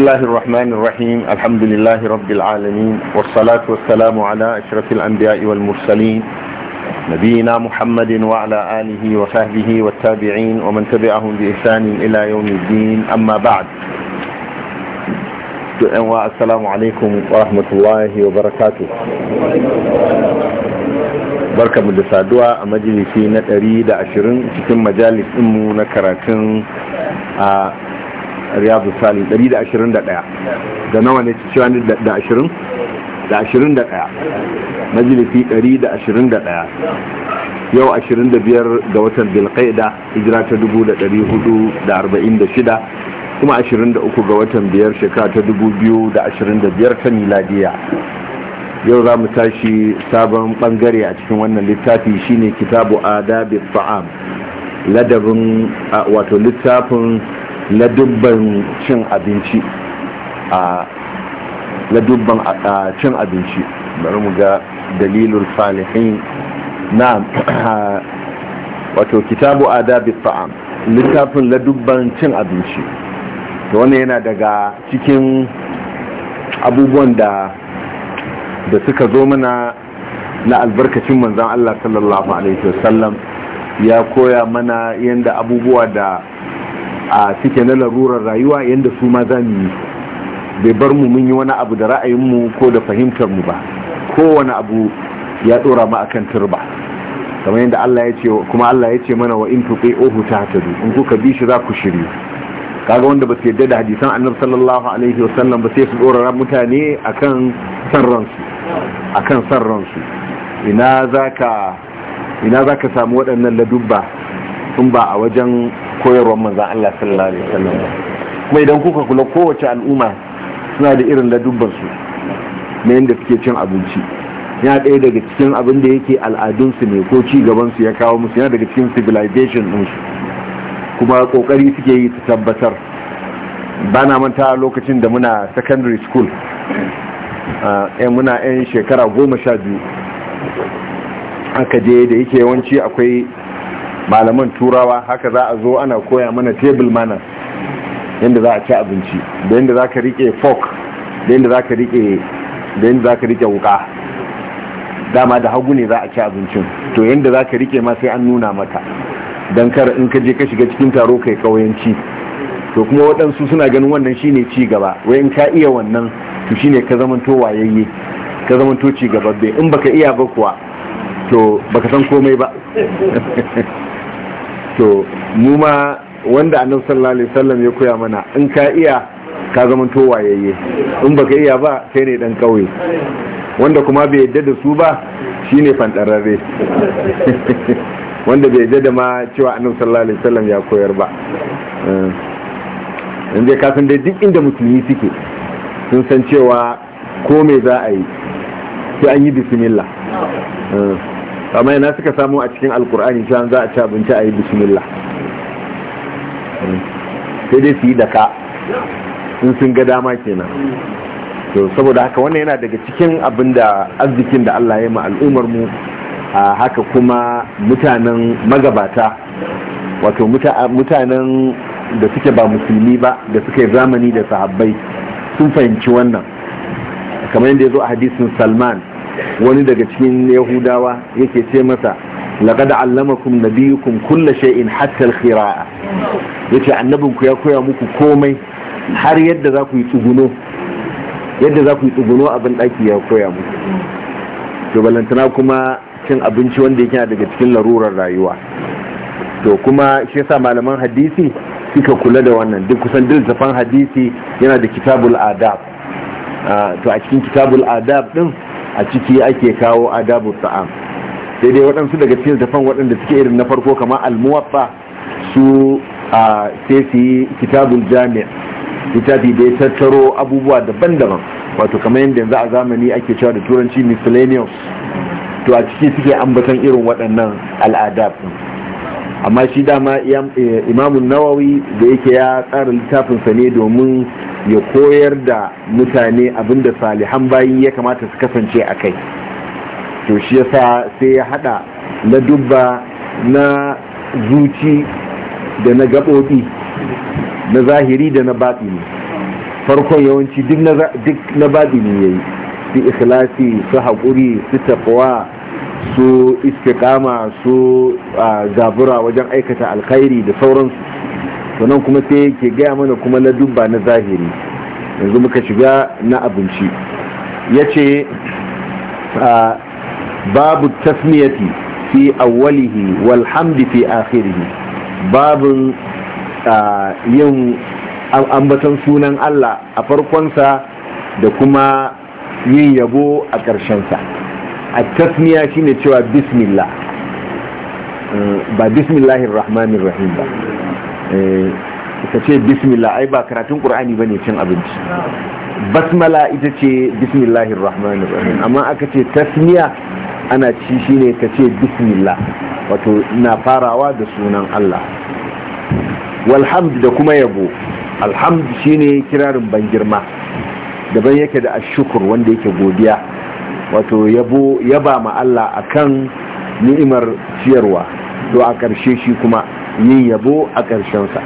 الله الرحمن الرحيم الحمد لله رب العالمين والصلاة والسلام على أشرف الأنبياء والمرسلين نبينا محمد وعلى آله وصحبه والتابعين ومن تبعهم بإحسان إلى يوم الدين أما بعد السلام عليكم ورحمة الله وبركاته barka mu da saduwa a majalisi na 120 cikin majalis mu na karatun a riyadu salim 121 da nawa ne cewa da 20 da 21 majalisi 121 yau 25 ga watan bilkaida hijira ta 1446 kuma 23 ga watan biyar shekara ta 2025 ta miladiya yau za mu tashi sabon bangare a cikin wannan littafi shine kitabu adabi ta'am ladabin wato littafin na dubban cin abinci a na dubban cin abinci bari mu ga dalilul salihin na wato kitabu adabi fa'am littafin dubban cin abinci da wannan yana daga cikin abubuwan da da suka zo mana na albarkacin manzan Allah sallallahu alaihi wasallam ya koya mana yadda abubuwa da a suke na larurar rayuwa yadda su ma za mu yi bai bar mu mun yi wani abu da ra'ayinmu ko da fahimtar mu ba kowane abu ya dora mu akan turba kamar yadda Allah ya ce kuma Allah ya ce mana wa in tuti'uhu tahtadu in kuka bi shi za ku shiri kaga wanda ba su yadda da hadisan annabi sallallahu alaihi wasallam ba sai su dora mutane akan san ransu akan san ransu ina zaka ina zaka samu waɗannan ladubba in ba a wajen koyarwar manzan Allah sallallahu alaihi wasallam ba kuma idan kuka kula kowace al'umma suna da irin ladubbansu na yadda suke cin abinci ya ɗaya daga cikin abin da yake al'adunsu ne ko ci gabansu ya kawo musu yana daga cikin civilization ɗinsu kuma ƙoƙari suke yi su tabbatar ba na manta lokacin da muna secondary school yan eh, eh, muna yan shekara goma sha biyu aka je da yake yawanci akwai malaman turawa haka za a zo ana koya mana table manners yadda za a ci abinci da yadda za ka rike fork da yadda za ka rike da yadda za ka rike wuka dama da hagu ne za a ci abincin to yadda za ka rike ma sai an nuna mata don kar in ka je ka shiga cikin taro kai kauyanci to kuma waɗansu suna ganin wannan shine ci gaba wai in ka iya wannan to shine ka to wayayye ka to ci gaba in baka iya ba kuwa to baka san komai ba to mu ma wanda annabi sallallahu alaihi wasallam ya koya mana in ka iya ka zama to wayayye in baka iya ba sai ne dan kauye wanda kuma bai yadda da su ba shine fantararre wanda bai yadda da ma cewa annabi sallallahu alaihi wasallam ya koyar ba eh. in dai kafin da duk inda musulmi suke sun san cewa ko me za a yi sai an yi bismillah eh. amma yana suka samu a cikin alkur'ani shan za a ci abinci a yi bismillah sai dai su yi daka in sun ga dama kenan to saboda haka wannan yana daga cikin abin da arzikin da Allah ya ma al'ummar mu a haka kuma mutanen magabata wato mutanen da suke ba musulmi ba da suka yi zamani da sahabbai sun fahimci wannan kamar yadda ya zo a hadisin salman wani daga cikin yahudawa yake ce masa laqad allamakum nabiyukum kulla shay'in hatta al-qira'a yace annabinku ya koya muku komai har yadda za ku yi tsuguno yadda za ku yi tsuguno abin daki ya koya muku to balantana kuma cin abinci wanda yake daga cikin larurar rayuwa to kuma shi yasa malaman hadisi suka kula da wannan duk kusan duk hadisi yana da kitabul adab ah, to a cikin kitabul adab din a ciki ake kawo adabu sa'am sai dai waɗansu daga cikin tafan waɗanda suke irin na farko kamar almuwaffa su a sai su yi kitabul littafi da ya tattaro abubuwa daban-daban wato kama yadda yanzu a zamani ake cewa da turanci miscellaneous to a ciki suke ambaton irin waɗannan al'adab amma shi dama eh, imamun nawawi da yake ya tsara littafinsa ne domin ya koyar da mutane abinda salihan bayi ya kamata su kasance a kai to shi yasa sai ya hada na dubba na zuci da na gaɓoɓi na zahiri da na ne. farkon yawanci duk na ne ya yi su ikhlasi su haƙuri su tafawa, su istiƙama su zabura wajen aikata alkhairi da sauransu nan kuma sai ke gaya mana kuma na dubba na zahiri yanzu muka shiga na abinci ya ce babu tasmiyati fi awwalihi walhamdi fi akhirihi babu yin ambatan sunan Allah a farkonsa da kuma yin yabo a ƙarshensa a tasmiya shine cewa bismillah mm, ba bismillahir rahmanir rahim ba Eh, ka ce bismillah ai ba karatun qur'ani bane cin abinci basmala ita ce bismillahir rahmanir rahim amma aka ce tasmiya ana ci shine ka ce bismillah wato na farawa da sunan Allah walhamd da kuma yabo alhamd shine kirarin ban girma daban yake da ashukur wanda yake godiya wato yabo yaba ma Allah akan ni'imar ciyarwa to a ƙarshe shi kuma yin yabo a ƙarshensa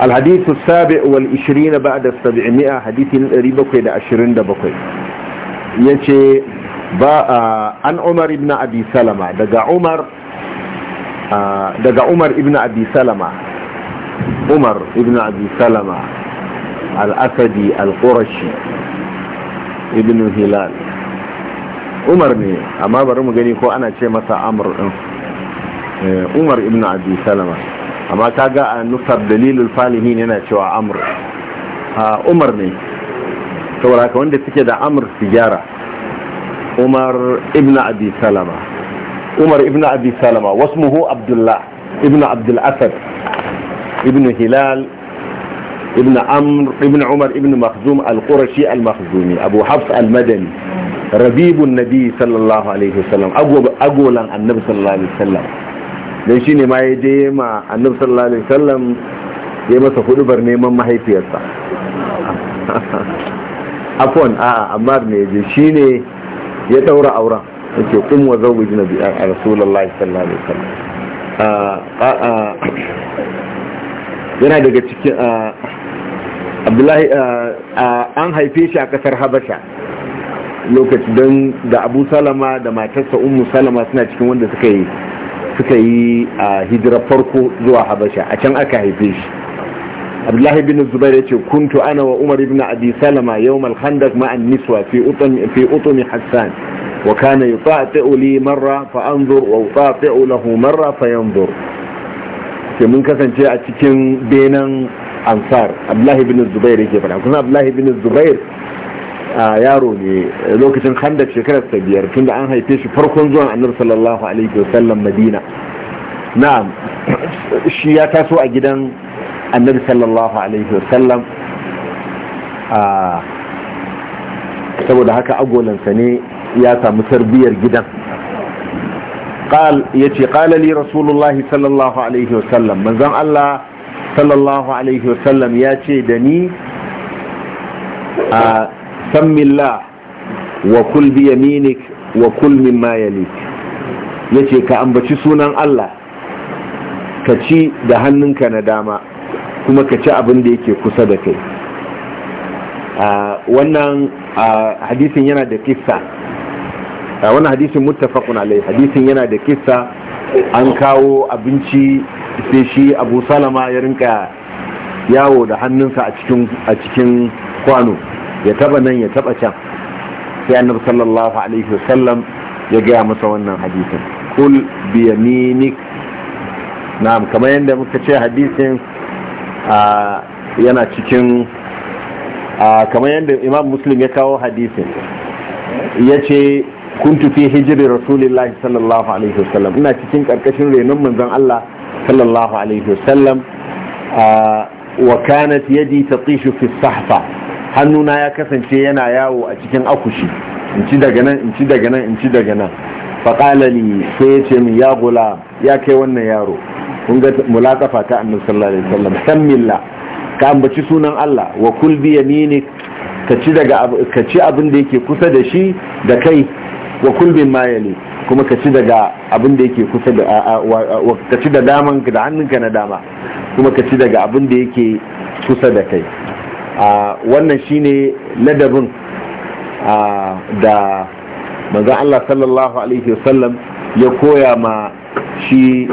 alhadithu sabi wal 20 ba'da 700 hadithi 727 yace ba an umar ibn abi salama daga umar daga umar ibn abi salama umar ibn abi salama al-asadi al-qurashi ibn hilal umar ne amma bari mu gani ko ana ce masa amr din Eh, umar ibn abi salama amma ta ga a nufar dalilul falihin yana cewa amur umar ne saboda ka wanda suke da amur su gyara umar ibn abi salama umar ibn abi salama wasmuhu abdullah ibn abdul asad ibn hilal ibn amr ibn umar ibn makhzum al-qurashi abu hafs almadani madani rabibun nabi sallallahu alaihi wasallam agolan annabi sallallahu alaihi wasallam don shi ne ma ya je ma annab sallallahu alaihi wasallam ya masa hudubar neman mahaifiyarsa afon a amma ne ya je shi ne ya daura auren ce kum wa zawuji na biya a rasulallah sallallahu alaihi wasallam yana daga cikin abdullahi an haife shi a kasar habasha lokaci don da abu salama da matarsa ummu salama suna cikin wanda suka yi suka yi a hijira farko zuwa habasha a can aka haife shi abdullahi bin zubair ya ce kuntu ana wa umar ibn abi salama yau al ma'an niswa fi utumi hassan wa kana yutati'u li marra fa anzur wa utati'u lahu marra fa yanzur sai mun kasance a cikin benin ansar abdullahi bin zubair ke fara kuma abdullahi bin zubair a yaro ne eh, lokacin handak shekarar ta biyar tunda an haife shi farkon zuwan annabi sallallahu alaihi wasallam madina na'am shi ya taso a gidan annabi sallallahu alaihi wasallam a saboda haka agolansa ne ya samu tarbiyar gidan قال يتي قال لي رسول الله صلى الله عليه وسلم من زم الله صلى الله عليه وسلم دني آه la wa kul bi yaminik wa kul mimma yalik yace ka ambaci sunan Allah ka ci da hannunka na dama kuma ka ci abin da yake kusa da kai wannan hadisin yana da kissa wannan hadisin muttafaqun alai hadisin yana da kissa an kawo abinci sai shi abu salama ya rinka yawo da hannunsa a cikin kwano ya taba nan ya taba can sai annabi sallallahu alaihi wasallam ya gaya masa wannan hadisin kul bi yaminik na'am kamar yadda muka ce hadisin yana cikin kamar yadda imam muslim ya kawo hadisin ya ce kuntu fi hijiri rasulillahi sallallahu alaihi wasallam ina cikin karkashin renon manzon Allah sallallahu alaihi wasallam wa kanat yadi tatishu fi sahfa hannuna ya kasance yana yawo a cikin akushi in ci daga nan in ci daga nan in ci daga nan faƙalali sai ya ce min ya gula ya kai wannan yaro kun ga mulatafa ta annabi sallallahu alaihi wasallam milla ka ambaci sunan Allah wa kul bi yaminik ka ci daga ka ci abin da yake kusa da shi da kai wa kul bi mayali kuma ka ci daga abin da yake kusa da ka ci da daman da hannunka na dama kuma ka ci daga abin da yake kusa da kai wannan shine ladabin da manzan Allah sallallahu alaihi wasallam ya koya ma shi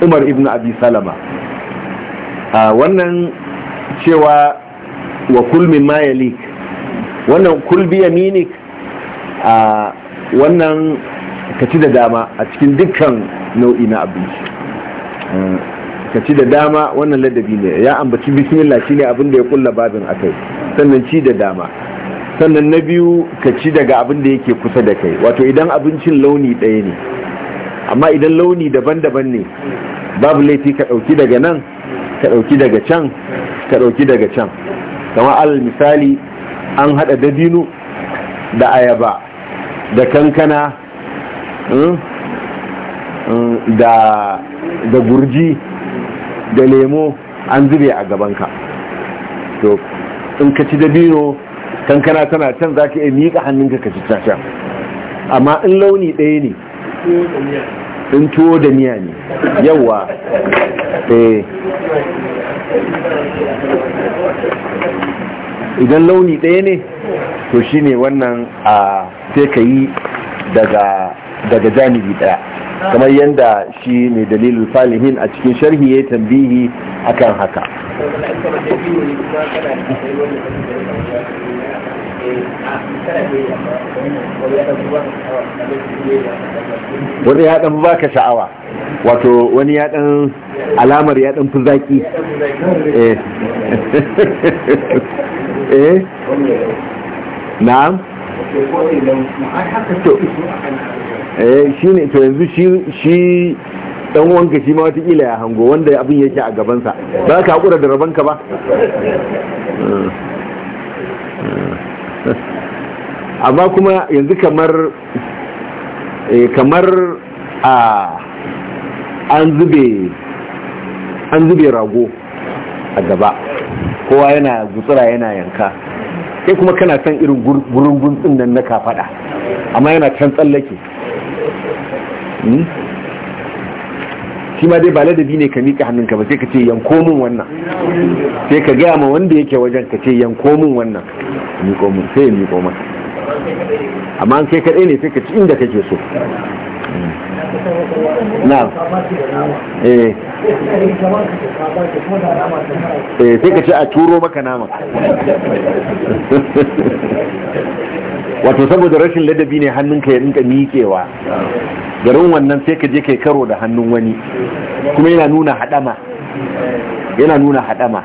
Umar ibn Abi Salama wannan cewa wa kulmi mayalik wannan kulbi yaminik wannan ka ci da dama a cikin dukkan nau'i na abinci ka ci da dama wannan ladabi ne ya ambaci bismillah shine abin da ya kulla babin akai sannan ci da dama sannan na biyu ka ci daga abin da yake kusa da kai wato idan abincin launi ɗaya ne amma idan launi daban-daban ne babu laifi ka ɗauki daga nan ka ɗauki daga can ka ɗauki daga can kama al misali an haɗa dabino da ayaba da kankana hmm, hmm, da gurji da lemo an zube a gabanka to in ka ci dabino kankana tana can za ka iya miƙa hannunka ka ci caca, amma in launi ɗaya ne in tuwo da miya ne yawa eh. idan launi ɗaya ne to shine wannan a ah, sai ka yi daga janibi ɗaya kamar yadda shi ne dalilul falihin a cikin sharhi ya tambihi akan haka wani ya dan baka sha'awa wato wani ya dan alamar ya dan fuzaki eh eh na'am Eh, shi ne to yanzu shi dan wanka shi ma wata ila ya hango wanda abin yake a gabansa ba ka haƙura da rabanka ba amma kuma yanzu kamar eh, kamar a an zube an zube rago a gaba kowa yana gutsura yana yanka Sai kuma kana son irin gurin din nan na kafada amma yana can tsallake hmm? shi ma dai ba ladabi ne ka miƙa hannunka ba sai ka ce yanko min wannan sai ka gaya ma wanda yake wajen ka ce yanko min wannan miƙo min sai ya miƙo masa amma an kai kaɗai ne sai ka ci inda kake so na eh. eh sai ka ce a turo maka nama wato saboda rashin ladabi ne hannunka ya rinka miƙewa garin wannan sai ka je kai karo da hannun wani kuma yana nuna hadama yana nuna haɗama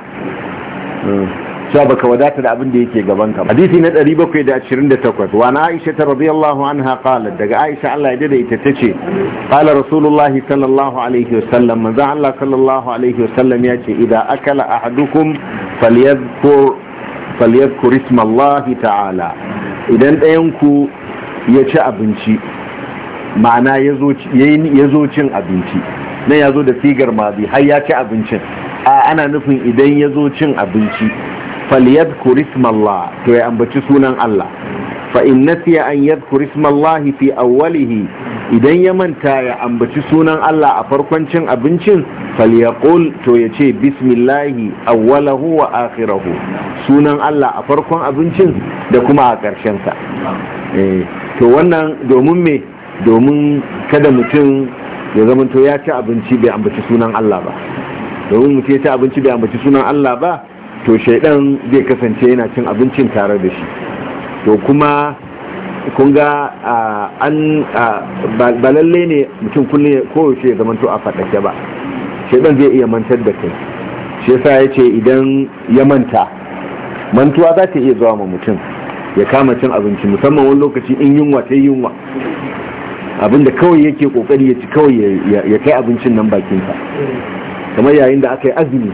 hmm. cewa baka wadata da abin da yake gaban ka hadisi na 728 wa na Aisha ta radiyallahu anha qala daga Aisha Allah ya dade ita tace qala rasulullah sallallahu alaihi wasallam manzo Allah sallallahu alaihi wasallam ya ce idan akala ahadukum falyadhkur falyadhkur isma Allah ta'ala idan dayan ku ya ci abinci ma'ana ya zo cin abinci nan ya zo da sigar mazi har ya ci abincin a ana nufin idan ya zo cin abinci falyadhkur ismallah to ya ambaci sunan Allah fa in nasiya an yadhkur ismallah fi awwalihi idan ya manta ya ambaci sunan Allah a farkon cin abincin falyaqul to ya ce bismillah awwalahu wa akhirahu sunan Allah a farkon abincin da kuma a ƙarshen sa eh, to wannan domin me domin kada mutum ya to ya ci abinci bai ambaci sunan Allah ba domin mutum ya ci abinci bai ambaci sunan Allah ba to shaidan zai kasance yana cin abincin tare da shi to kuma kun ga an ba lalle ne mutum kulle kowace ya zamanto a faɗake ba shaidan zai iya mantar da kai shi yasa ya ce idan ya manta mantuwa za ta iya zuwa ma mutum ya kama cin abinci musamman wani lokaci in yunwa ta yunwa abinda kawai yake kokari ya ci kawai ya kai abincin nan bakinsa kamar yayin da aka yi azumi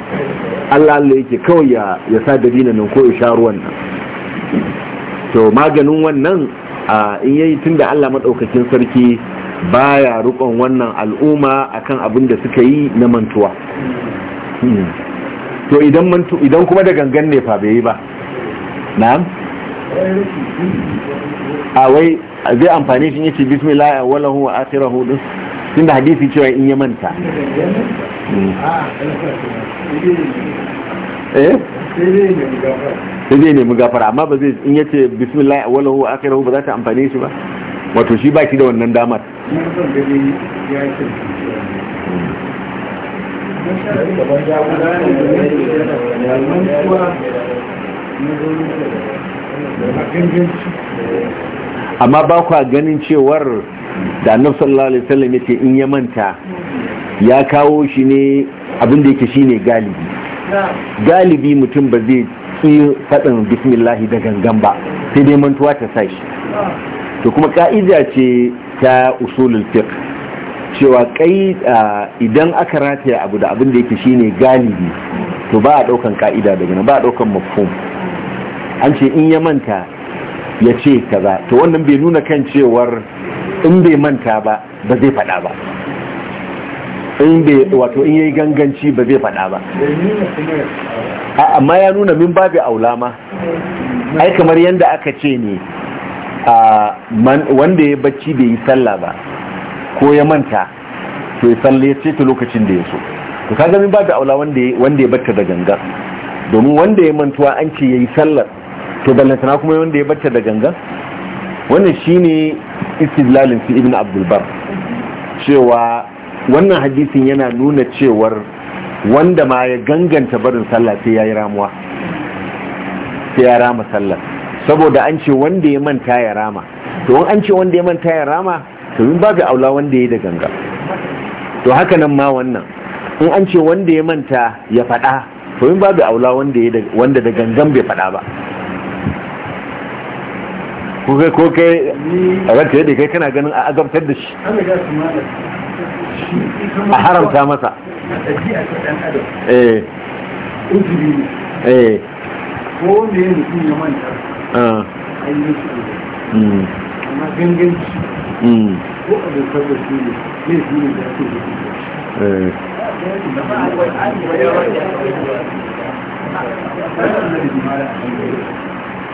allah allah yake kawai ya sa dabina nan ko ya sha ruwan nan to maganin wannan in yayi tun da allah maɗaukakin sarki baya rukon wannan al'umma akan abin da suka yi na mantuwa hmm. to idan kuma da gangan ne fa bai yi ba na'am a wai zai amfani shi ne ce bismillah walahu wa akhirahu din tunda hadisi cewa in ya manta eh sai zai nemi gafara amma ba zai in yace bismillah awwalahu wa akhirahu ba za ta amfane shi ba wato shi baki da wannan damar amma ba ku ganin cewar da annabi sallallahu alaihi wasallam yace in ya manta ya kawo shi ne abinda yake shine galibi galibi mutum ba zai ƙi faɗin bismillahi da gangan ba sai dai mantuwa ta sa shi to kuma ka'ida ce ta usulul fiqh cewa kai idan aka rataya abu da abinda da yake shine galibi to ba a daukan ka'ida daga nan ba a daukan mafhum an ce in ya manta ya ce kaza to wannan bai nuna kan cewar in bai manta ba ba zai faɗa ba in bai wato in yayi ganganci ba zai faɗa ba amma ya nuna min babu aulama ai kamar yanda aka ce ne wanda ya bacci bai yi sallah ba ko ya manta to ya sallah ya ce ta lokacin da ya so to kaga min babu aula wanda ya bacci da gangan domin wanda ya mantuwa an ce ya yi sallar to ballantana kuma wanda ya bacci da gangan wannan shine istidlalin fi ibn abdulbar cewa wannan hadisin yana nuna cewar wanda ma ya ganganta barin sallah sai ya yi ramuwa sai ya rama sallah saboda an ce wanda ya manta ya rama to an ce wanda ya manta ya rama to yin babu aula wanda ya yi da ganga to haka nan ma wannan in an ce wanda ya manta ya faɗa to yin babu aula wanda da gangan bai faɗa ba ko kai ko kai a rantar da kai kana ganin a azabtar da shi a haramta masa eh. Eh.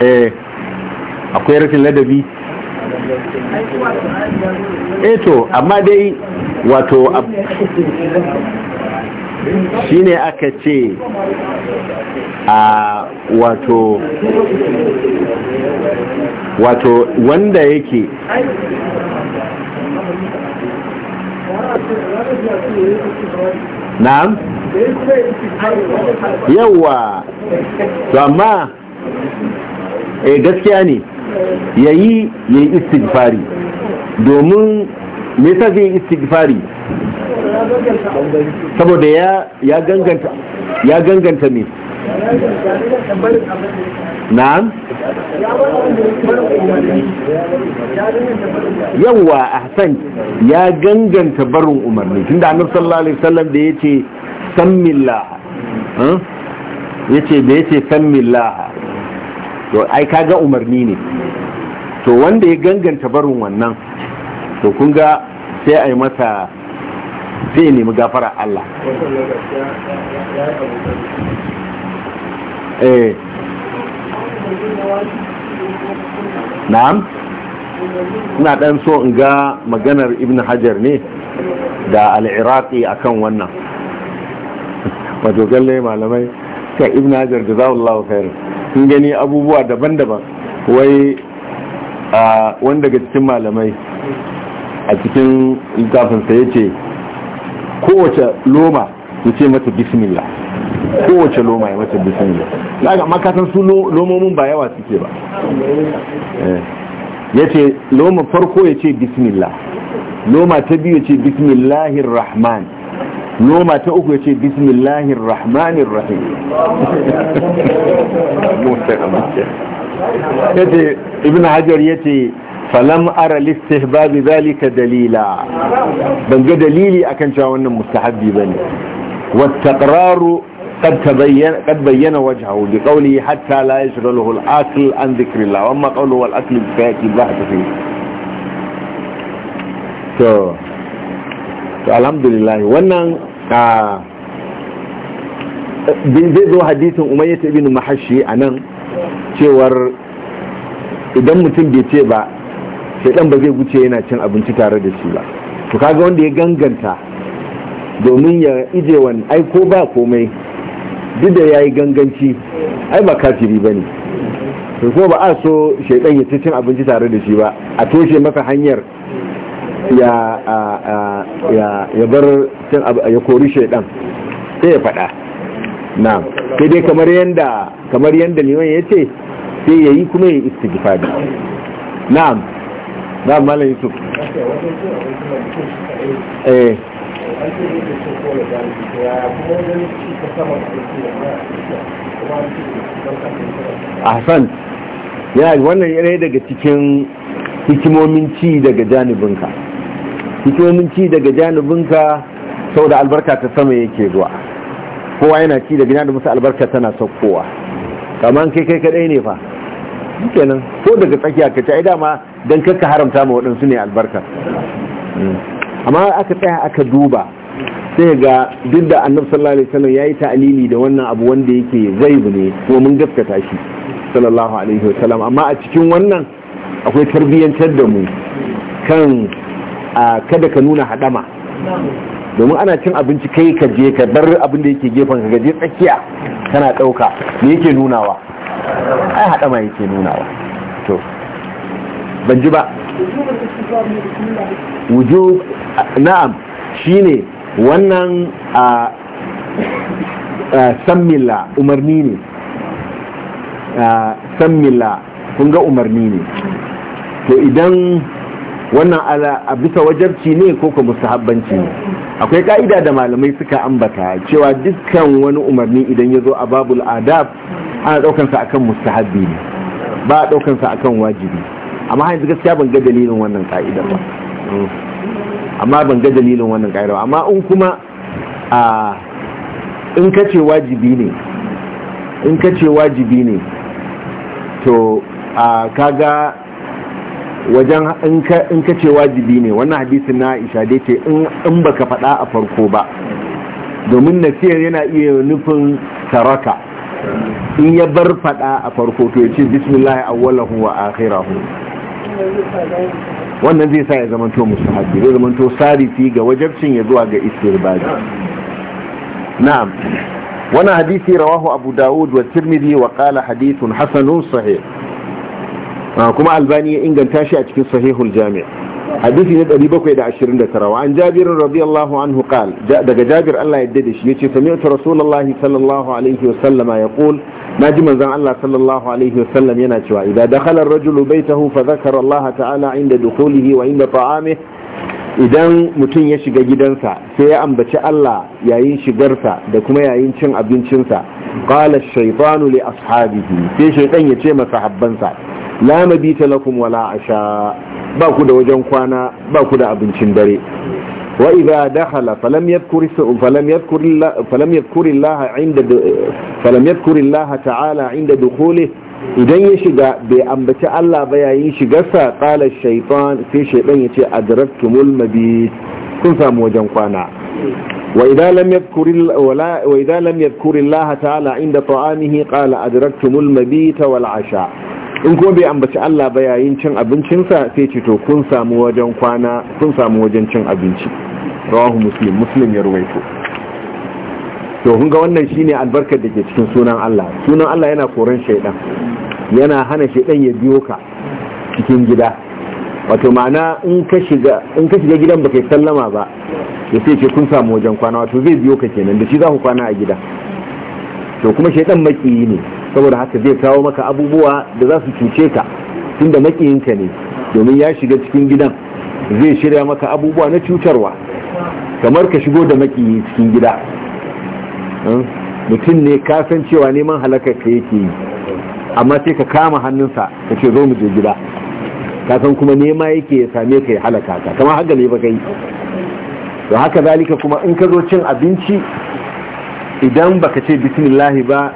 Ah. Eh. akwai rashin ladabi eto eh amma dai wato shine aka ce a wato wato wanda yake na'am yawwa to amma e gaskiya ne yayi yi istighfari domin me yasa zai istighfari saboda ya ya ganganta ne na me na'am yawa ahsan ya ganganta barin umarni da annabi sallallahu alaihi wasallam da yace sammillah yace da yace sammillah to ai kaga umarni ne to wanda ya ganganta barin wannan to kun ga sai a yi masa sai ya nemi gafara Allah eh na'am ina dan so in ga maganar ibn hajar ne da a akan wannan wato galle malamai ka ibn hajar da zaun lawa sun gani abubuwa daban-daban wai a wani daga cikin malamai a cikin littafinsa ya ce kowace loma ya ce mata bismillah kowace loma ya mata bismillah daga makatan su lomomin ba yawa suke ba eh. ya ce loma farko ya ce bismillah loma ta biyu ya ce bismillahir rahman noma ta uku ya ce bismillahir rahmanir rahim ya ce ibn hajar ya ce falam ara listihbabi zalika dalila ban ga dalili akan cewa wannan mustahabbi bane والتقرار قد تبين قد بين وجهه بقوله حتى لا يشغله العقل عن ذكر الله واما قوله والعقل بفاكي بحث فيه to to alhamdulillah wannan a ah. zai zo hadisin umayyat ibn mahashi a nan cewar idan mutum bai ce ba shaidan ba zai wuce yana cin abinci tare da shi ba to kaga wanda ya ganganta domin ya ije wani aiko ba komai duk da ya yi ganganci ai ba kafiri ba ne ko ba a so shaidan ya ci cin abinci tare da shi ba a toshe masa hanyar ya bar cin ya kori shaidan sai ya faɗa na sai dai kamar yadda kamar yadda liman ya ce sai ya yi kuma ya yi istighfari na'am na'am mala yusuf eh. a hassan ya wannan yanayi daga cikin hikimomin ci daga janibinka fito ci daga janibinka da albarka ta sama yake zuwa kowa yana ci daga janibinsa albarka tana saukowa kamar kai kai kadai ne fa kenan ko daga tsakiya ka ci dama don kakka haramta ma waɗansu ne albarka hmm. amma aka tsaya aka duba sai ga duk da annab sallallahu alaihi wasallam yayi ta'alili da wannan abu wanda yake zaibu ne ko mun gaskata shi sallallahu alaihi wasallam amma a cikin wannan akwai tarbiyyantar da mu kan a kada ka nuna haɗama, domin ana cin abinci kai ka je ka bar abin da yake gefen ka gaje tsakiya kana dauka me yake nunawa ai hadama yake nunawa to ban ji ba wujub na'am shine wannan a sammila umarni ne sammila kun ga umarni ne to idan wannan ala a bisa wajabci ne ko ko mustahabbanci ne akwai ka'ida da malamai suka ambata cewa dukkan wani umarni idan ya zo a babul adab ana ɗaukansa akan mustahabbi ne ba a ɗaukansa akan wajibi amma yanzu gaskiya ban ga dalilin wannan ka'idar ba amma ban ga dalilin wannan ka'idar ba amma in kuma a in kace wajibi ne in kace wajibi ne to a kaga wajen in ka ce wajibi ne wannan hadisin na aisha dai ce in baka faɗa a farko ba domin nasiyar yana iya nufin taraka in ya bar faɗa a farko to ya ce bismillah awwalahu wa akhirahu wannan zai sa ya zamanto mustahabi zai to sarifi ga wajabcin ya zuwa ga istirbaji na'am wannan hadisi rawahu abu dawud wa tirmidhi wa qala hadithun hasanun sahih kuma albani ya inganta shi a cikin sahihul jami' hadisi na 729 wa an jabir radiyallahu anhu qal daga jabir Allah yadda da shi yace sami'tu rasulullahi sallallahu alaihi wa sallama yaqul naji manzon Allah sallallahu alaihi wa sallam yana cewa idan dakhala ar-rajulu baytahu fa dhakara Allah ta'ala inda dukhulihi wa inda ta'amihi idan mutum ya shiga gidansa sai ya ambaci Allah yayin shigarsa da kuma yayin cin abincinsa قال الشيطان shaytanu li ashabihi sai shaytan ya ce masa لكم ولا عشاء باكو دا وجن كوانا باكو da kwana ba دخل فلم abincin dare يذكر idha dakhala falam yadhkur falam yadhkur falam yadhkur Allah inda idan ya shiga bai ambaci Allah ba yayin shigarsa qala shaytan sai shaytan ya ce adraktumul mabit kun samu wajen kwana Wa idan lam ولا Allah ta'ala inda ta'amihi qala adraktumul mabita wal asha in kuma bai ambaci Allah ba yayin cin abincinsa sai ce to kun samu wajen kwana kun samu wajen cin abinci rawahu muslim muslim ya ruwaito to kun ga wannan shine albarkar da ke cikin sunan Allah sunan Allah yana koran shaidan yana hana shaidan ya biyo ka cikin gida wato mana in ka shiga gidan ba kai sallama ba ya sai ce kun samu wajen kwana wato zai biyo ka kenan da shi za ku kwana a gida to kuma shi dan makiyi ne saboda haka zai kawo maka abubuwa da za su cuce ka tunda makiyinka ne domin ya shiga cikin gidan zai shirya maka abubuwa na cutarwa kamar ka shigo da makiyi cikin gida hmm? mutum ne kasan cewa neman halakar ka yake yi amma sai ka kama hannunsa ka ce zo mu je gida ka san kuma nema yake ya same ka ya halaka ka kamar haka ne baka yi to haka zalika kuma in ka zo cin abinci idan baka ce bismillahi ba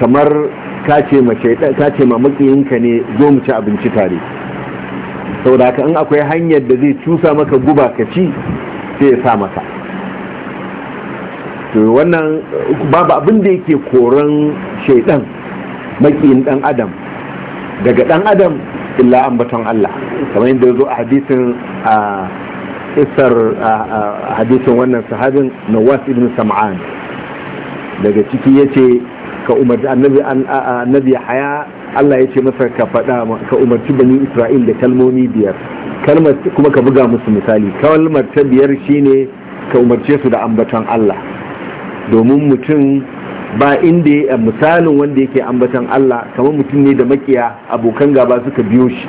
kamar ka ce ma makiyinka ne zo mu ci abinci tare saboda haka in akwai hanyar da zai cusa maka guba ka ci sai ya sa maka to wannan babu abin da yake koran shaiɗan makiyin dan adam daga dan adam illa an baton Allah kamar yadda zo a hadisin a isar hadisin wannan sahabin Nawas ibn Sam'an daga ciki yace ka umarci annabi annabi haya Allah yace masa ka faɗa ka umarci bani Isra'il da kalmomi biyar kalmar kuma ka buga musu misali kalmar ta biyar shine ka umarce su da ambaton Allah domin mutum ba inda eh, misalin wanda yake ambatan Allah kamar mutum ne da makiya abokan gaba suka biyo shi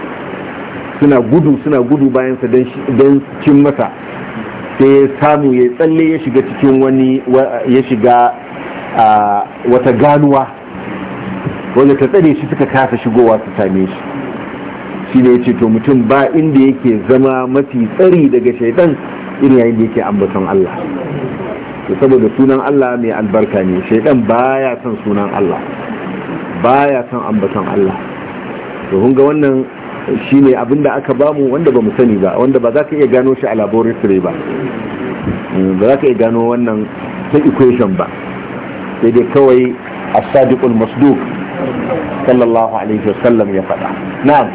suna gudu suna gudu bayan sa don cin masa sai ya samu ya tsalle ya shiga cikin wani ya shiga wata ganuwa wanda ta tsare shi suka kasa shigowa su same shi shi ne ya ce to mutum ba inda yake zama mafi tsari daga shaidan irin yayin da yake ambatan Allah saboda sunan Allah mai albarka ne shaidan baya son sunan Allah baya son ambaton Allah to kun ga wannan shine abinda aka bamu wanda bamu sani ba wanda ba za ka iya gano shi a laboratory ba mm, ba za ka iya gano wannan ta equation ba sai dai kawai as-sadiqul masduq sallallahu alaihi wasallam ya faɗa na'am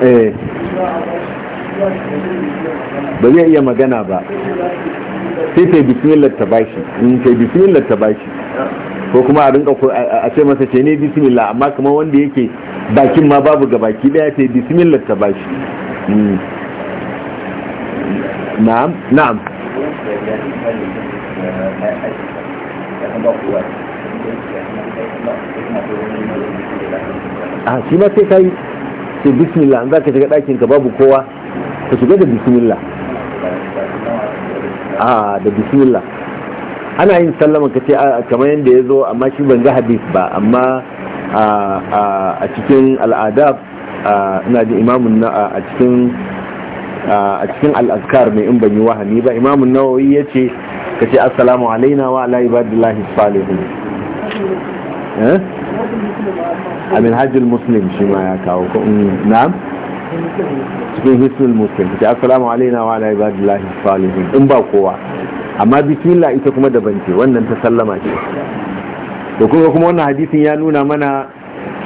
eh ba zai iya magana ba sai ta bismillah ta bashi in ta bismillah ta bashi ko kuma a rinka a ce masa ce ne bismillah amma kamar wanda yake bakin ma babu ga baki daya ta bismillah ta bashi hmm. na'am na'am a ah, shi ma sai kai sai bismillah an za ka shiga ɗakin ka babu kowa ka shiga da bismillah a da bismillah ana yin sallama ka ce kamar yadda ya zo amma shi ban ga hadith ba amma a cikin al'adab ina ji imamun na a cikin a cikin al'azkar mai in ban yi wahani ba imamun nawawi ya ce ka ce assalamu alaina wa ala ibadillahi salihin eh? amin hajjil muslim shi ma ya kawo ko mm, na'am cikin hisnul muslim ta assalamu alaina wa ala ibadillahi salihin in ba kowa amma bismillah ita kuma da ce wannan ta sallama ce to kuma kuma wannan hadisin ya nuna mana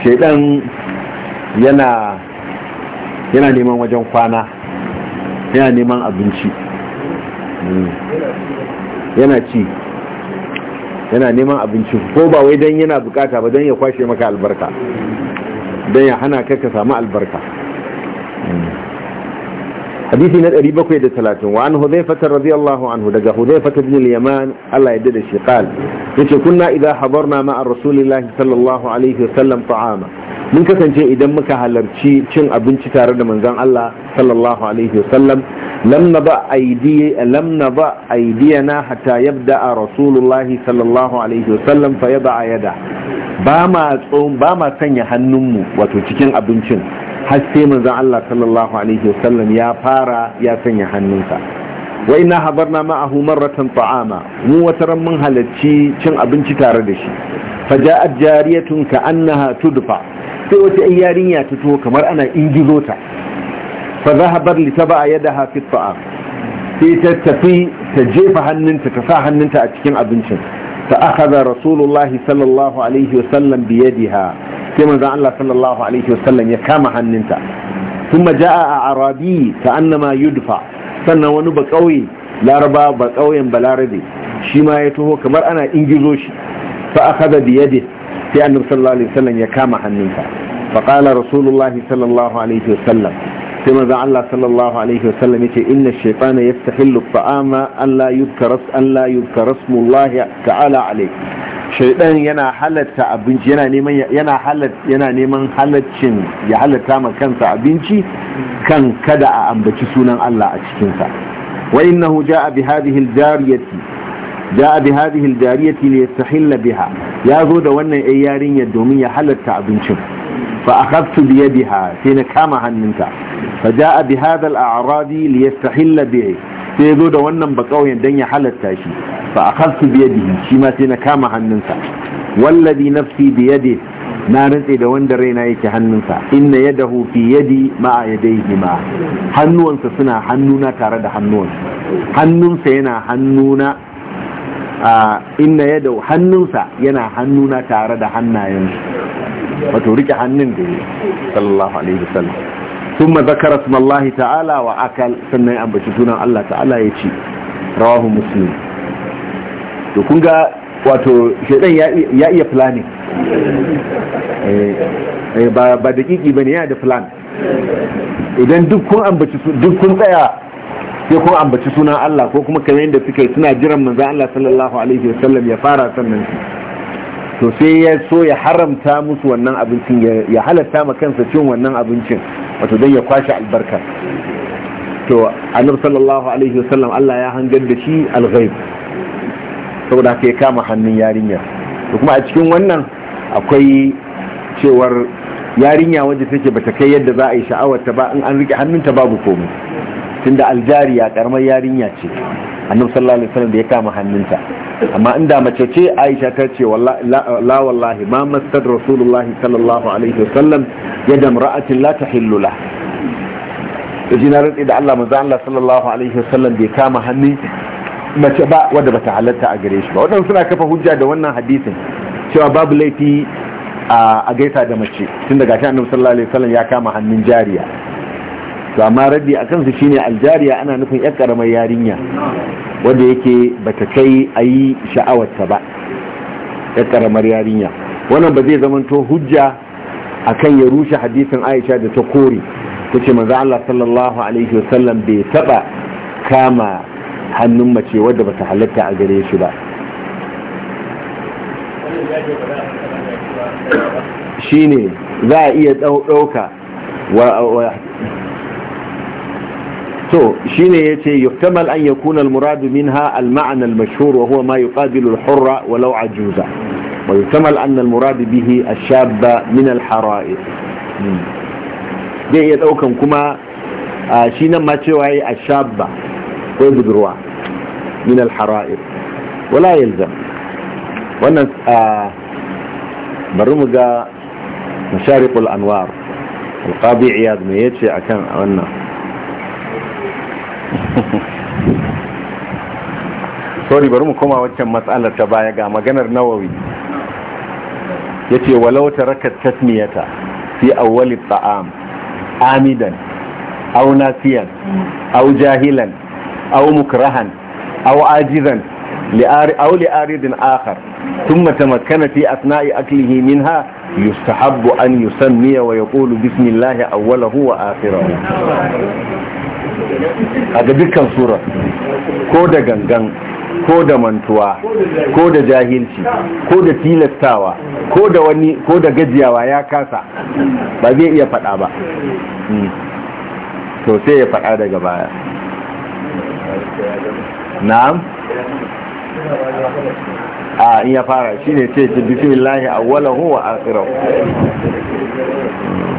shaidan yana yana neman wajen kwana yana neman abinci hmm. yana ci yana neman abinci ko ba wai don yana bukata ba don ya kwashe maka albarka don ya hana kai ka samu albarka hadisi na 730 wa an huzaifata radiyallahu anhu daga huzaifata bin al-yaman Allah ya dade shi qal yace kunna idza hadarna ma'a rasulillahi sallallahu wa wasallam ta'ama mun kasance idan muka halarci cin abinci tare da manzon Allah sallallahu alaihi wasallam lam naba aydi lam naba aydiyana hatta yabda rasulullahi sallallahu alaihi wasallam fa yada yada ba ma ba ma sanya hannunmu wato cikin abincin har sai manzon Allah sallallahu alaihi wasallam ya fara ya sanya hannunsa wa inna habarna ma'ahu marratan ta'ama mu wata ran mun halarci cin abinci tare da shi faja'at jariyatun ka annaha tudfa sai wata yarinya ta to kamar ana ingizo ta fa zahabar li taba yadaha fi ta'am sai ta tafi ta jefa hannunta ta sa hannunta a cikin abincin ta akhadha rasulullahi sallallahu alaihi wasallam bi yadiha sai manzon Allah sallallahu alaihi wasallam ya kama hannunta thumma jaa a arabi ta annama yudfa sannan wani ba kauye laraba ba kauyen balarabe shi ma ya taho kamar ana ingizo shi fa akhadha bi yadihi sai annabi sallallahu alaihi wasallam ya kama hannunta fa qala rasulullah sallallahu alaihi wasallam sai manzon Allah sallallahu alaihi wasallam yace inna ash-shaytana yastahillu at-ta'ama an la yuzkara an la yuzkara ta'ala alayhi shaidan yana halatta abinci yana neman yana halaccin ya halatta ma kansa abinci kan kada a ambaci sunan Allah a cikinsa. sa wa innahu jaa bi hadhihi al-jariyati jaa bi hadhihi al-jariyati biha ya zo da wannan ai yarinya domin ya halatta abincin fa akhadtu bi yadiha sai na kama hannunta fa jaa bi hadha al-a'radi li bihi sai ya zo da wannan bakauyen don ya halatta shi fa a kasu biyadihi shi ma sai na kama hannunsa wallazi nafsi biyadi na rantse da wanda raina yake hannunsa inna yadahu fi yadi ma'a yadayhi ma hannuwansa suna hannuna tare da hannuwansa hannunsa yana hannuna a inna yadahu hannunsa yana hannuna tare da hannayen. wato rike hannun da sallallahu alaihi wasallam ثم ذكر اسم ambaci sunan Allah ta'ala ya الله تعالى musulmi. To kun ga wato shaidan ya iya planning eh, eh, ba da kiki ba ne ya da plan idan duk kun tsaya sai kun ambaci sunan Allah ko kuma kamar yadda suka yi suna jiran manzan Allah sallallahu alaihi wasallam ya fara sannan to sai ya so ya haramta musu wannan abincin ya halatta ma kansa cin wannan abincin wato don ya kwashe albarkar to annabi sallallahu alaihi wasallam Allah ya hangar da shi alghaib saboda haka ya kama hannun yarinyar to kuma a cikin wannan akwai cewar yarinya wanda take bata kai yadda za a yi sha'awar ta ba in an rike hannunta babu komai tunda aljariya karamar yarinya ce annabi sallallahu alaihi wasallam da ya kama hannunta amma inda mace ce Aisha ta ce la wallahi ma masad rasulullahi sallallahu alaihi wasallam yadam ra'atin la tahillu la yaji na rantsi da Allah manzo Allah sallallahu alaihi wasallam bai kama hannun mace ba wanda bata halatta a gare shi ba wadannan suna kafa hujja da wannan hadisin cewa babu laifi a gaisa da mace tun daga shi annabi sallallahu alaihi wasallam ya kama hannun jariya to amma raddi a kansu shine aljariya ana nufin yar karamar yarinya wanda yake bata kai a yi sha'awarta ba yar karamar yarinya wannan ba zai zama zamanto hujja akan ya rushe hadisin aisha da ta kore ta ce manzo Allah sallallahu alaihi wasallam bai taba kama hannun mace wadda bata halatta a gare shi ba shine za a iya ɗauka to shine yace yuhtamal an yakuna al-murad minha al-ma'na al-mashhur wa huwa ma yuqabilu al-hurra walau ajuza wa yuhtamal anna al bihi ash-shabba min al-hara'is hmm. zai iya daukan kuma shi nan ma cewa yayi ash ko budurwa min al wala yalzam wannan bari mu ga masharikul anwar al-qadi iyad me yace akan wannan sorry bari mu koma waccan matsalar ta baya ga maganar nawawi ya ce walau tarakat tasmiyata fi awwali ta'am amidan au nasiyan aw jahilan aw mukrahan aw ajizan aw li'aridin akhar thumma tamakkana fi asna'i aklihi minha yustahabbu an yusammiya wa yaqulu bismillah awwalahu wa akhirahu a ga dukkan surar ko da gangan ko da mantuwa ko da jahilci ko da tilastawa ko da wani ko da gajiyawa ya kasa ba zai iya faɗa ba hmm. to sai ya faɗa daga baya na'am a in fara shi ne ce ce bismillahi awwalahu wa akhirahu hmm.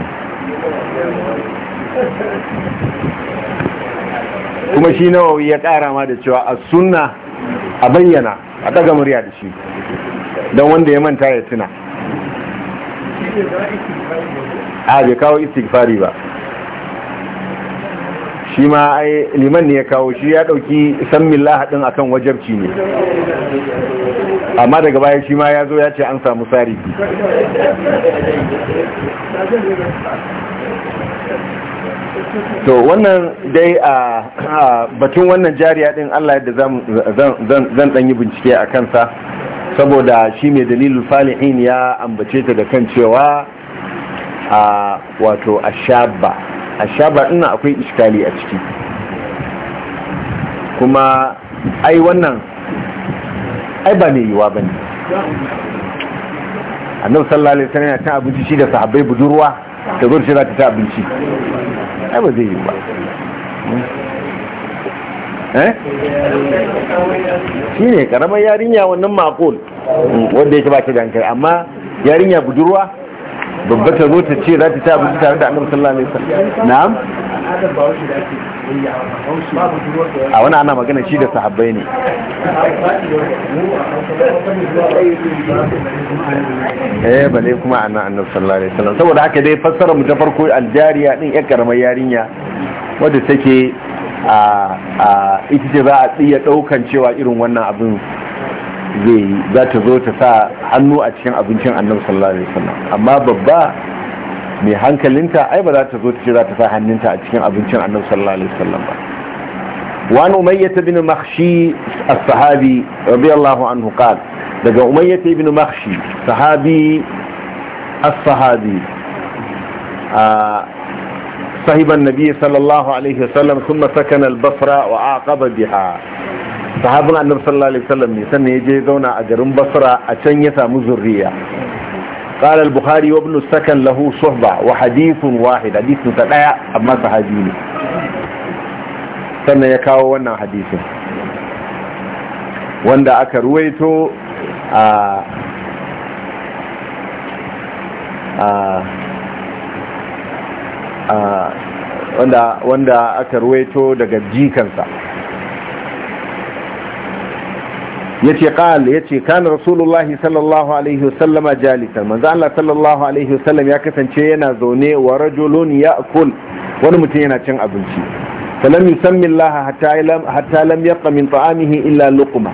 kuma shi nawawi ya kara ma da cewa a sunna a bayyana a daga murya da shi don wanda ya manta ya tuna a bai kawo istighfari ba shi ma ai liman ne ya kawo shi ya dauki sammin lahaɗin akan wajabci ne amma daga baya shi ma ya zo ya ce an samu sariki to wannan dai a batun wannan jariya din Allah yadda zan dan yi bincike a kansa saboda shi mai dalilin falihin ya ambace ta da kan cewa a wato ashaba ashaba ina akwai iskali a ciki kuma ai wannan ai ba mai yiwa ne. annabi sallallahu alaihi wasallam ya ta abinci shi da sahabbai budurwa ta zo da shi za ta ta abinci ai ba zai yi ba eh? shi ne karamar yarinya wannan makon wanda ya ba ta dankali amma yarinya budurwa babba ta zo ta ce za ta ci abinci tare da annabi sallallahu alaihi wasallam na'am a wani ana magana shi da sahabbai ne eh bale kuma ana annabi sallallahu alaihi wasallam saboda haka dai fassara mu ta farko aljariya din yar karamar yarinya wadda take a ita ce za a tsiya daukan cewa irin wannan abin zai yi za ta zo ta sa hannu a cikin abincin annabi sallallahu alaihi wasallam amma babba mai hankalinta ai ba za ta zo ta ce za ta sa hannunta a cikin abincin annabi sallallahu alaihi wasallam ba وعن أمية بن مخشي الصحابي رضي الله عنه قال لقى أمية بن مخشي صحابي الصحابي آه صهب النبي صلى الله عليه وسلم ثم سكن البصرة وأعقب بها sahabin annabi sallallahu alaihi wasallam ne sannan ya je zauna a garin basra a can ya samu zurriya قال البخاري وابن السكن له صحبة وحديث واحد حديث تدعي أما صحابيني سنة يكاو ونا حديث وانا أكا رويتو آآ wanda wanda aka ruwaito daga jikansa yace qal yace kana rasulullahi sallallahu alaihi wasallama jalisan manzo Allah sallallahu alaihi wasallam ya kasance yana zaune wa rajulun ya'kul wani mutum yana cin abinci falam yusammi Allah hatta lam hatta lam yaqa min ta'amihi illa luqma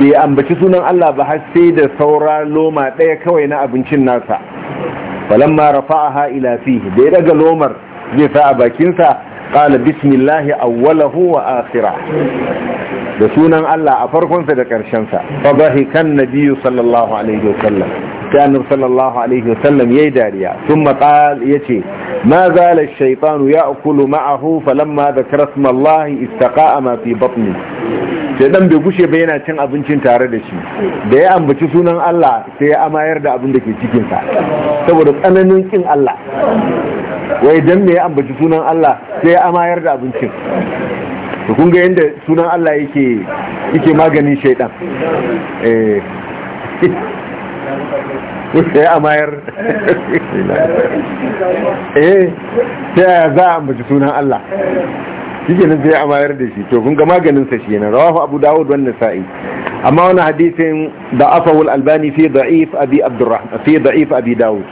bai ambaci sunan Allah ba har sai da saura loma ɗaya kawai na abincin nasa falamma rafa'aha ila fihi da ya daga lomar zai sa a bakinsa qala bismillahi awwalahu wa akhira da sunan Allah a farkonsa da ƙarshensa fa dhahikan nabiyyu sallallahu alaihi wasallam sai annab sallallahu alaihi wasallam yayi dariya thumma qala yace ma zala ash-shaytanu ya'kulu ma'ahu falamma dhakara isma Allah istaqa'a ma fi batni sai dan bai gushe ba yana cin abincin tare da shi da ya ambaci sunan Allah sai ya amayar da abin da ke cikin sa saboda tsananin kin Allah wai dan me ya ambaci sunan Allah sai ya amayar da abincin to kun ga yanda sunan Allah yake yake maganin shaidan eh sai ya amayar eh sai za a ambaci sunan Allah Kike nan sai ya amayar da shi to kun ga maganin sa shi ne rawahu abu dawud wannan nasa'i amma wannan hadisin da afawul albani fi da'if abi abdurrahman fi da'if abi dawud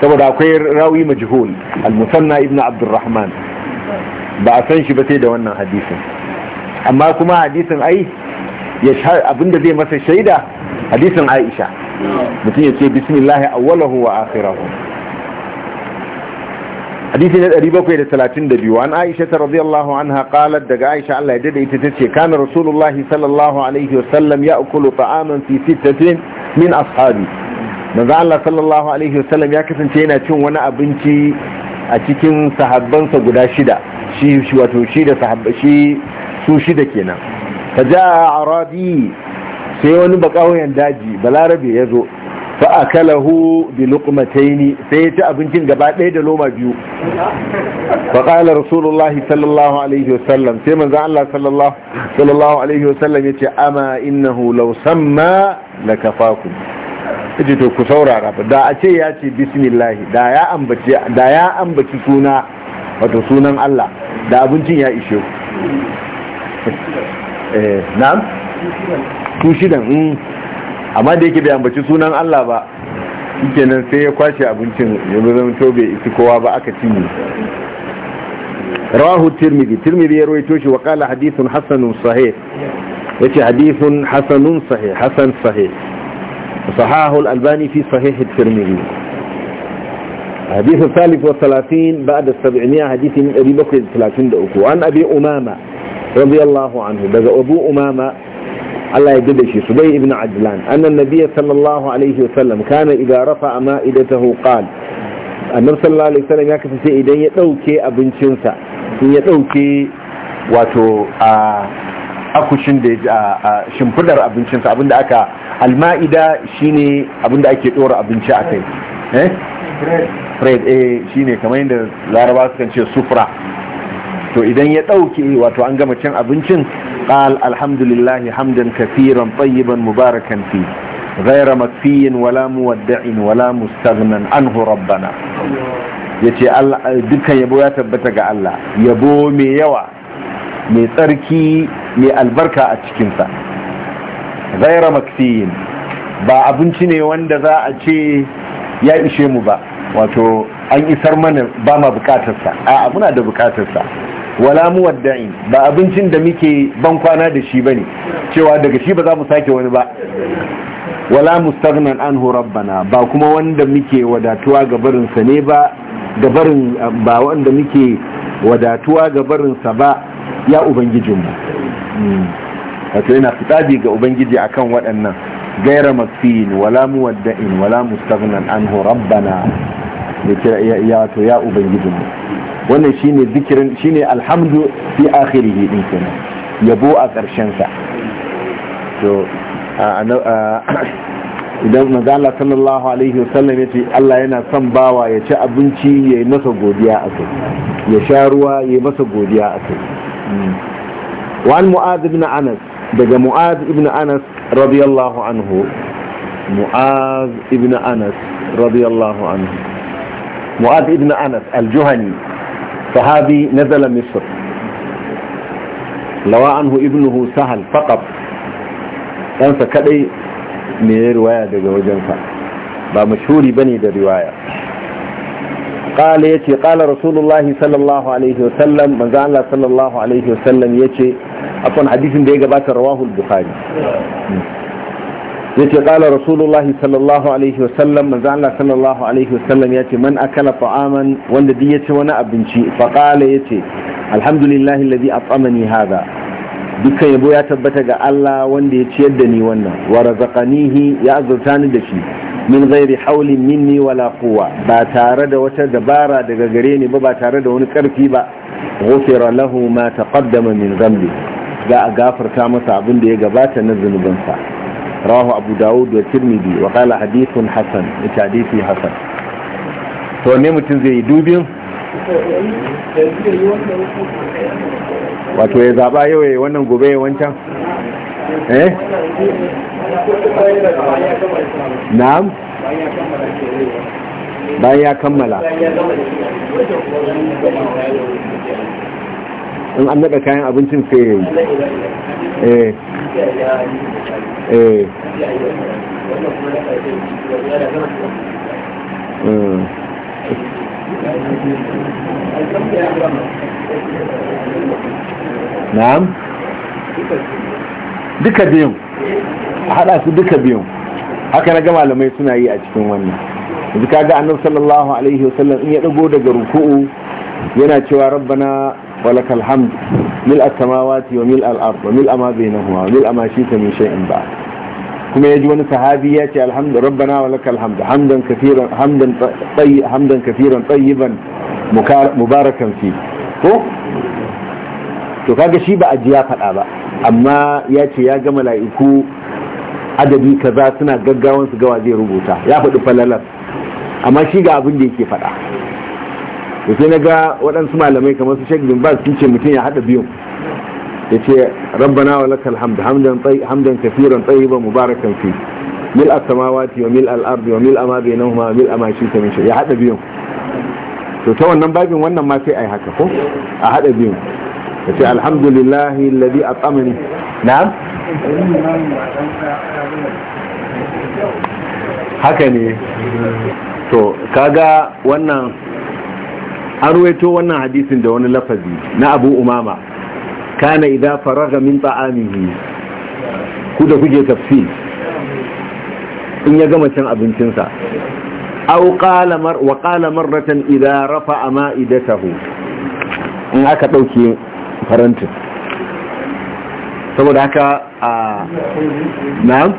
saboda akwai rawi majhul al-musanna ibn abdurrahman ba a san shi ba sai da wannan hadisin amma kuma hadisin ai abinda zai masa shaida hadisin aisha mutum ya ce bismillah awwalahu wa akhirahu hadisi na 732 an aisha ta radiyallahu anha qalat daga aisha Allah ya dade ita tace kana rasulullahi sallallahu alaihi wasallam ya'kulu ta'aman fi sittatin min ashabi manzo Allah sallallahu alaihi wasallam ya kasance yana cin wani abinci a cikin sahabbansa guda shida shi shi wato shi da sahabba shi su shida kenan faja'a arabi sai wani bakawayen daji balarabe ya zo fa akalahu bi luqmataini sai ya ci abincin gaba ɗaya da loma biyu fa qala rasulullah sallallahu alaihi wasallam sai manzo Allah sallallahu sallallahu alaihi wasallam yace ama innahu law samma lakafakum yace to ku saurara ba da a ce ya ce bismillah da ya ambaci suna wato sunan Allah da abincin ya ishe ku eh na'am ku shidan mm. amma da yake bai ambaci sunan Allah ba kenan sai ya kwashe abincin ya zama to bai isi kowa ba aka cinye rawahu tirmidhi tirmidhi ya rawaito shi wa qala hadithun hasanun sahih yace hadithun hasanun sahih hasan sahih صحاه الألباني في صحيح الترمذي حديث الثالث والثلاثين بعد السبعمائة حديث بكر الثلاثين دعوكو عن أبي أمامة رضي الله عنه بذا أبو أمامة الله يدد شيء سبي بن عجلان أن النبي صلى الله عليه وسلم كان إذا رفع مائدته قال النبي صلى الله عليه وسلم يكفي سيدين يتوكي أبن شنسا يتوكي واتو akushin da ya shimfidar abincinsa abinda aka alma'ida shine abinda ake dora abinci a kai Fred, eh? bread eh shine kamar yadda laraba sukan ce sufra to idan ya dauke wato an gama cin abincin qal alhamdulillah hamdan kafiran tayyiban mubarakan fi ghayra makfiyin wala مودع wala mustaghnan anhu rabbana yace Allah dukkan yabo ya tabbata ga Allah yabo mai yawa mai tsarki mai albarka a cikinsa zaira maksiyin ba abinci ne wanda za a ce ya ishe mu ba wato an isar mana ba ma bukatarsa a muna da bukatarsa wala mu wadda'in ba abincin da muke ban kwana da shi bane cewa daga shi ba za mu sake wani ba wala mustaghnan anhu rabbana ba kuma wanda muke wadatuwa ga barin sa ne ba ga barin ba wanda muke wadatuwa ga barin sa ba ya ubangijinmu wato yana fitabi ga ubangiji akan waɗannan gaira makfiyin wala muwadda'in wala mustaghnan anhu rabbana ya wato ya ubangijinmu wannan shine zikirin shine alhamdu fi akhirih din kenan yabo a ƙarshen sa to idan manzo Allah sallallahu alaihi wasallam yace Allah yana son bawa ya ci abinci yayi masa godiya a kai ya sha ruwa yayi masa godiya a kai وعن معاذ بن انس دجا معاذ بن انس رضي الله عنه معاذ بن انس رضي الله عنه معاذ بن انس الجهني صحابي نزل مصر لوى عنه ابنه سهل فقط أنسى كدي من روايه دجا وجنفة با mashuri بني da روايه قال يتي قال رسول الله صلى الله عليه وسلم من زعل صلى الله عليه وسلم يتي أفن حديث ديجا بات رواه البخاري يتي قال رسول الله صلى الله عليه وسلم من زعل صلى الله عليه وسلم يتي من أكل طعاما والذي يتي وانا أبنشي فقال يتي الحمد لله الذي أطعمني هذا dukkan yabo ya tabbata ga Allah wanda ya ciyar da ni wannan wa razaqanihi ya azurta da shi min ghairi haulin minni wala quwwa ba tare da wata dabara daga gare ni ba ba tare da wani karfi ba ghufira lahu ma taqaddama min dhanbi ga a gafarta masa abin da ya gabata na zunubansa rawahu abu dawud wa tirmidhi wa qala hadithun hasan ita hadisi hasan to ne mutum zai yi dubin wato ya zaba yau ya wannan gobe ya wancan eh na'am bayan ya kammala in an daga kayan abincin sai ya eh. Eh. Hmm. na'am duka biyun haɗa su duka biyun haka na ga malamai suna yi a cikin wannan yanzu ga annabi sallallahu alaihi wa sallam in ya dago daga ruku'u yana cewa rabbana walakal hamd mil as-samawati wa mil al-ard wa mil ma bainahuma wa mil ma shi'ta min shay'in ba kuma yaji wani sahabi ya ce alhamdu rabbana walakal hamd hamdan kafiran hamdan tayyib hamdan kafiran tayyiban mubarakan fi ko to kaga shi ba ajiya fada ba amma ya ce ya ga mala'iku adadi kaza suna gaggawan su gawa zai rubuta ya faɗi falalar amma shi ga abin da yake faɗa da sai na ga waɗansu malamai kamar su shek bin bas sun ce mutum ya haɗa biyun ya ce rabbana wa lakal hamd hamdan kafiran tsayiban mubarakan fi mil as-samawati wa mil al-ardi wa mil ma bainahuma wa mil ma ta mishi. ya haɗa biyun to ta wannan babin wannan ma sai ai haka ko a haɗa biyun yace alhamdulillahi alladhi at'amani na'am haka ne to kaga wannan an ruwaito wannan hadisin da wani lafazi na abu umama kana idan faraga min ta'amihi ku da kuke tafsir in ya gama cin abincinsa aw qala mar wa qala maratan idza rafa'a ma'idatahu in aka dauke farantin saboda haka a na'am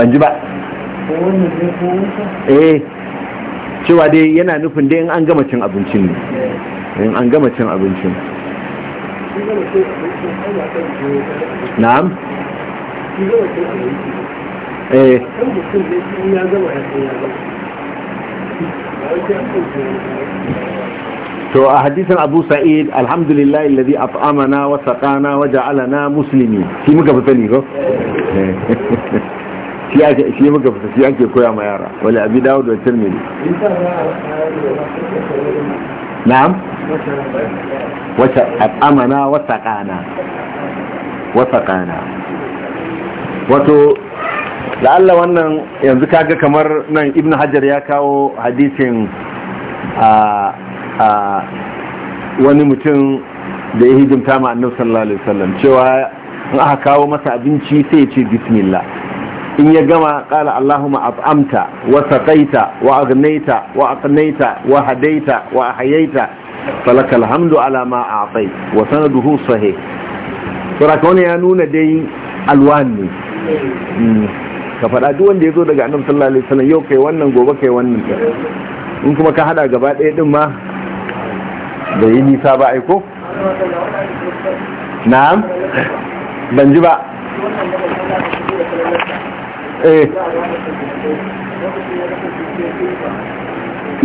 ban ba eh cewa dai yana nufin dai in an gama cin abincin ne in an gama cin abincin na'am eh to a hadisin abu sa'id alhamdulillah alladhi at'amana wa saqana wa ja'alana muslimin shi muka fi sani ko shi ake shi muka fi shi ake koya ma yara wala abi dawud wa tirmidhi na'am wata at'amana wa saqana wa saqana wato la'alla wannan yanzu kaga kamar nan ibnu hajar ya kawo hadisin a ah, a wani mutum da ya hidimta ma annabi sallallahu alaihi wasallam cewa in aka kawo masa abinci sai ya ce bismillah in ya gama kala allahumma at'amta wa saqaita wa aghnaita wa aqnaita wa hadaita wa ahyaita falaka alhamdu ala ma a'tait wa sanaduhu sahih saboda ya nuna dai alwani hmm. ka faɗa duk wanda ya zo daga annabi sallallahu alaihi wasallam yau kai wannan gobe kai wannan in kuma ka hada gaba ɗaya din ma da yi nisa ba aiko? na'am ban ji ba eh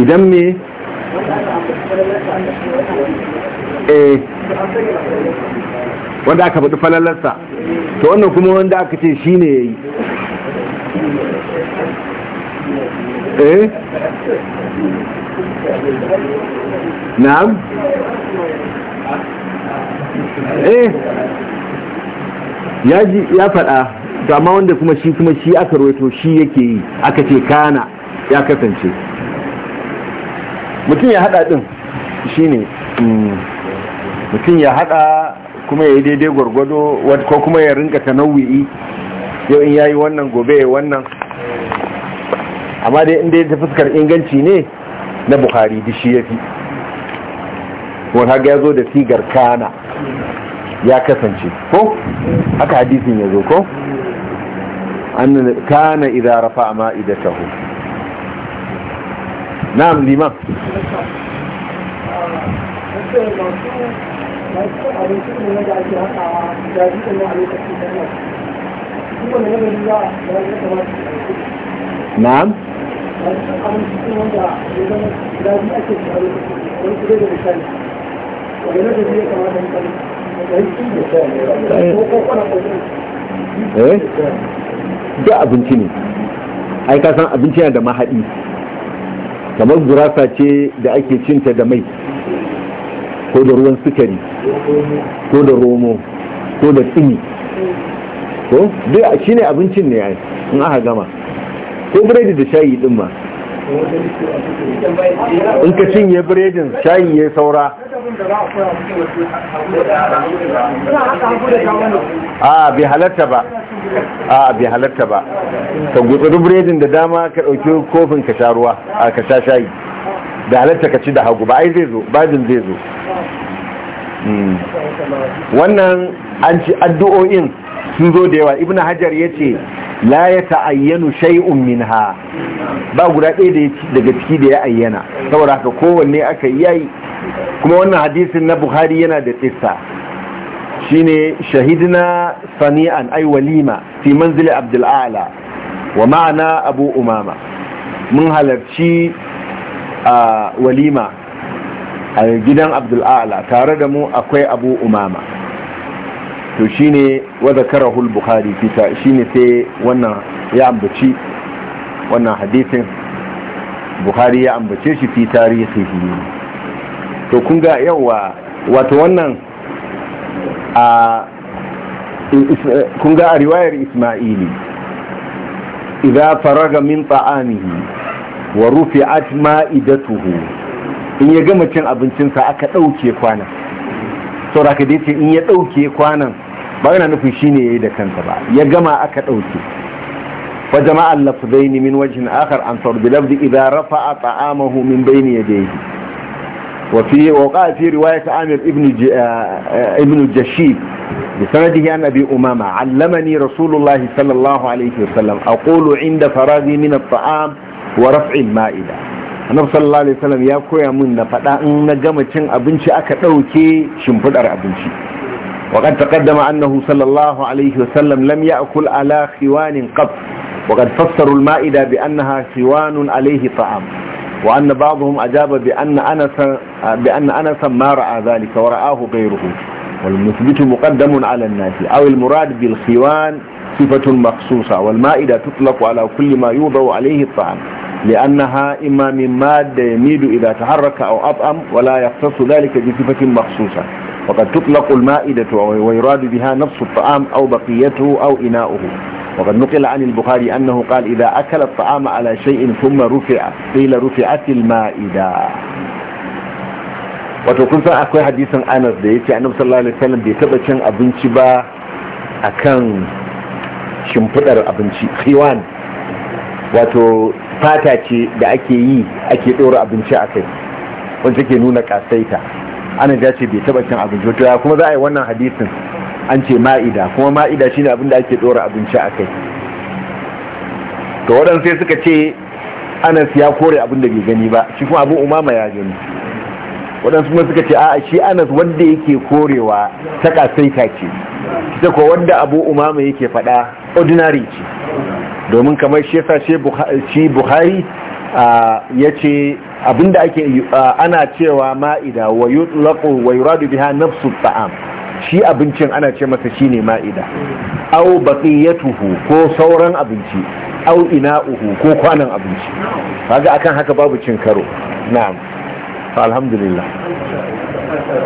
idan me eh wanda aka faɗi falalarsa to wannan kuma wanda aka ce shi ne ya yi eh نعم ايه eh. ya يا فدا faɗa to amma wanda kuma shi kuma shi aka roto shi yake yi aka ce kana ya kasance mutum ya haɗa ɗin shi ne mm, mutum ya haɗa kuma ya yi daidai gwargwado ko kuma ya rinka ta nau'i yau in ya yi wannan gobe wannan amma dai inda ya ta fuskar inganci ne na bukhari duk shi ya fi, wani haka ya zo da sigar kana ya kasance ko haka hadisin ya zo ko an kana idza rafa ma'idatahu na'am liman na'am Eh? da abinci ne ai ka san abinci yana da mahaɗi kamar gurasa ce da ake cinta da mai ko da ruwan sukari ko da romo ko da tsini ko dai shi ne abincin ne ai in aka gama ko biredi da shayi din ma in ka cinye biredin shayi ya saura a bi halatta ba a bi halatta ba ka gutsuri biredin da dama ka ɗauki kofin ka sha ruwa a ka sha shayi da halatta ka ci da hagu ba ai zai zo bajin zai zo hmm. wannan an ci addu'o'in sun zo da yawa ibn hajar ya ce la ya ta'ayyanu shay'un minha ba guda ɗaya daga ciki da ya ayyana saboda haka kowanne aka yi yayi kuma wannan hadisin na buhari yana da tsissa shine shahidna sani'an ai walima fi manzili abdul a'la wa ma'ana abu umama mun halarci a walima a gidan abdul a'la tare da mu akwai abu umama to shine wa zakarahu al-bukhari fita shi ne sai wannan ya ambaci wannan hadithin bukhari ya ambace shi fi tarihi to kun ga yawa wato wannan a kun ga a riwayar isma'ili idza faraga min ta'amihi wa rufi'at ma'idatuhu in ya gama cin abincinsa aka dauke kwanan saboda ka dace in ya dauke kwanan ba yana nufin shine yayi da kansa ba ya gama aka dauke wa jama'al lafzain min wajhin akhar an sar bi lafzi idha rafa'a ta'amahu min bayni yadayhi wa fi waqa fi riwayat amir ibn eh, eh, ibn jashib بسنده عن أبي أمامة علمني رسول الله صلى الله عليه وسلم أقول عند فراغي من الطعام ورفع المائدة annabi sallallahu alaihi wasallam ya koya min na faɗa in na gama cin abinci aka ɗauke shimfiɗar abinci وقد تقدم أنه صلى الله عليه وسلم لم يأكل على خوان قط وقد فسروا المائدة بأنها خوان عليه طعام وأن بعضهم أجاب بأن أنس, بأن أنس ما رأى ذلك ورآه غيره والمثبت مقدم على الناس أو المراد بالخوان صفة مخصوصة والمائدة تطلق على كل ما يوضع عليه الطعام لأنها إما من مادة يميد إذا تحرك أو أطعم ولا يختص ذلك بصفة مخصوصة وقد تطلق المائدة ويراد بها نفس الطعام أو بقيته أو إناؤه وقد نقل عن البخاري أنه قال إذا أكل الطعام على شيء ثم رفع قيل رفعت المائدة وتقول kun san akwai hadisin anas da yake annabi sallallahu alaihi wasallam كان أبن شبا أكان ba أبن shimfidar wato fata ce da ake yi ake dora abinci a kai wanda ke nuna kasaita ana ya ce bai taba cin abinci to ya kuma za a yi wannan hadisin an ce ma'ida kuma ma'ida shine abin da ake dora abinci a kai to waɗansu sai suka ce anas ya kore abin da bai gani ba shi kuma abu umama ya gani waɗansu kuma suka ce a'a shi anas wanda yake korewa ta kasaita ce ita ko wanda abu umama yake faɗa ordinary ce domin kamar shi yasa shi buhari ya ce abinda ake ana cewa ma'ida wa yutlaqu wa yuradu biha nafsu ta'am shi abincin ana ce masa shine ma'ida aw baqiyatuhu ko sauran abinci aw ina'uhu ko kwanan abinci kaga akan haka babu cin karo na'am alhamdulillah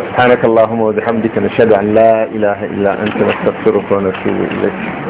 سبحانك اللهم وبحمدك نشهد ان لا اله الا انت نستغفرك ونتوب اليك